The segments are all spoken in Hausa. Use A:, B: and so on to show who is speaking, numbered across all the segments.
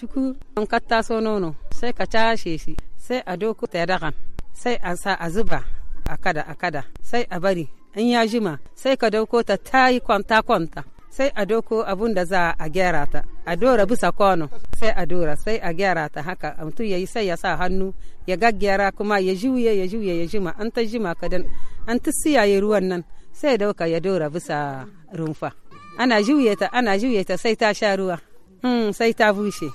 A: cuku an katta so nono sai ka cashe shi sai a doko ta daga sai a sa a zuba a kada a kada sai a bari in ya jima sai ka doko ta ta yi kwanta kwanta sai a doko abun da za a gyara ta a dora bisa kwano sai a dora sai a gyara ta haka mutum ya yi sai ya sa hannu ya gaggyara kuma ya juye ya juye ya jima an ta jima dan an ta siyaye ruwan nan sai dauka ya dora bisa rumfa ana juye ta ana juye ta sai ta sha ruwa hmm, sai ta bushe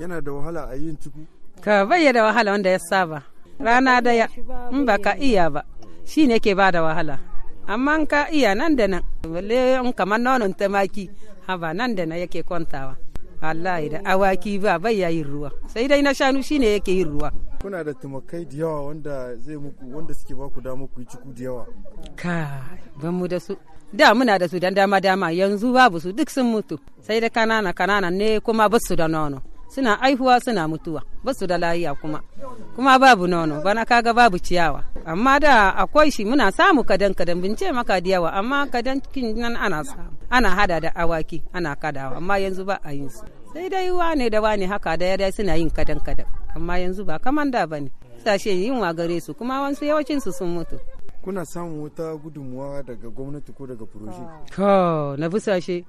B: yana da wahala a yin tuku
A: ka bayyana wahala wanda ya saba rana daya in ba ka iya ba shi ne ke ba da wahala amma in ka iya nan da nan wale in kamar nonon tamaki haba nan da nan yake kwantawa wallahi da awaki ba bai ya yin ruwa sai dai na shanu shine yake yin ruwa
B: kuna da tumakai da yawa wanda zai muku wanda suke baku dama muku yi ciku da yawa
A: ka ba mu da su da muna da su dan dama dama yanzu babu su duk sun mutu sai da kanana kanana ne kuma basu da nono suna aihuwa suna mutuwa ba su da layiya kuma kuma babu nono bana kaga babu ciyawa amma da akwai shi muna samu kadan kadan bince maka da yawa amma kadan kin nan ana samu ana hada da awaki ana kadawa amma yanzu ba a yin su sai dai wane da wane haka da ya suna yin kadan kadan amma yanzu ba kaman da bane sashe yin wa gare su kuma wansu yawancin su sun mutu
B: kuna samun wata gudunmuwa daga gwamnati ko daga furoshi?
A: ko na busashe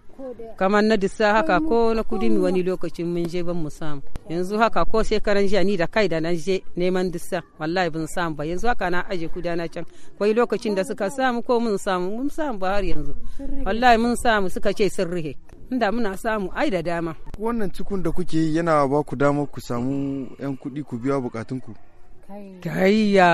A: kamar na dissa haka ko na kudin wani lokacin mun je ban mu samu yanzu haka ko sai karan jiya ni da kai da nan je neman dissa wallahi bin samu ba yanzu haka na aje na can kwai lokacin da suka samu ko mun samu mun samu ba har yanzu wallahi mun samu suka ce sun rihe inda muna samu ai da dama
B: wannan cikun da kuke yana ba ku dama ku samu yan kuɗi ku biya bukatunku kayya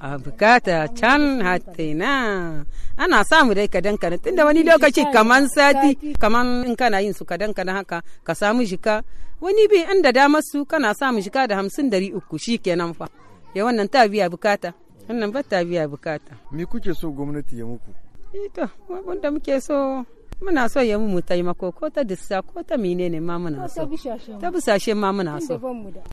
A: a bukata can hatina ana samu dai kadan kana tunda wani lokaci kaman sati kaman in kana yin su kadan kana haka ka samu shika wani bi inda da masu kana samu shika da hamsin dari uku shi fa ya wannan ta biya bukata wannan ba ta biya bukata me kuke so gwamnati ya muku eh to wanda muke so muna so ya mu taimako ko ta dissa ko ta menene ma muna so ta bisashe ma muna so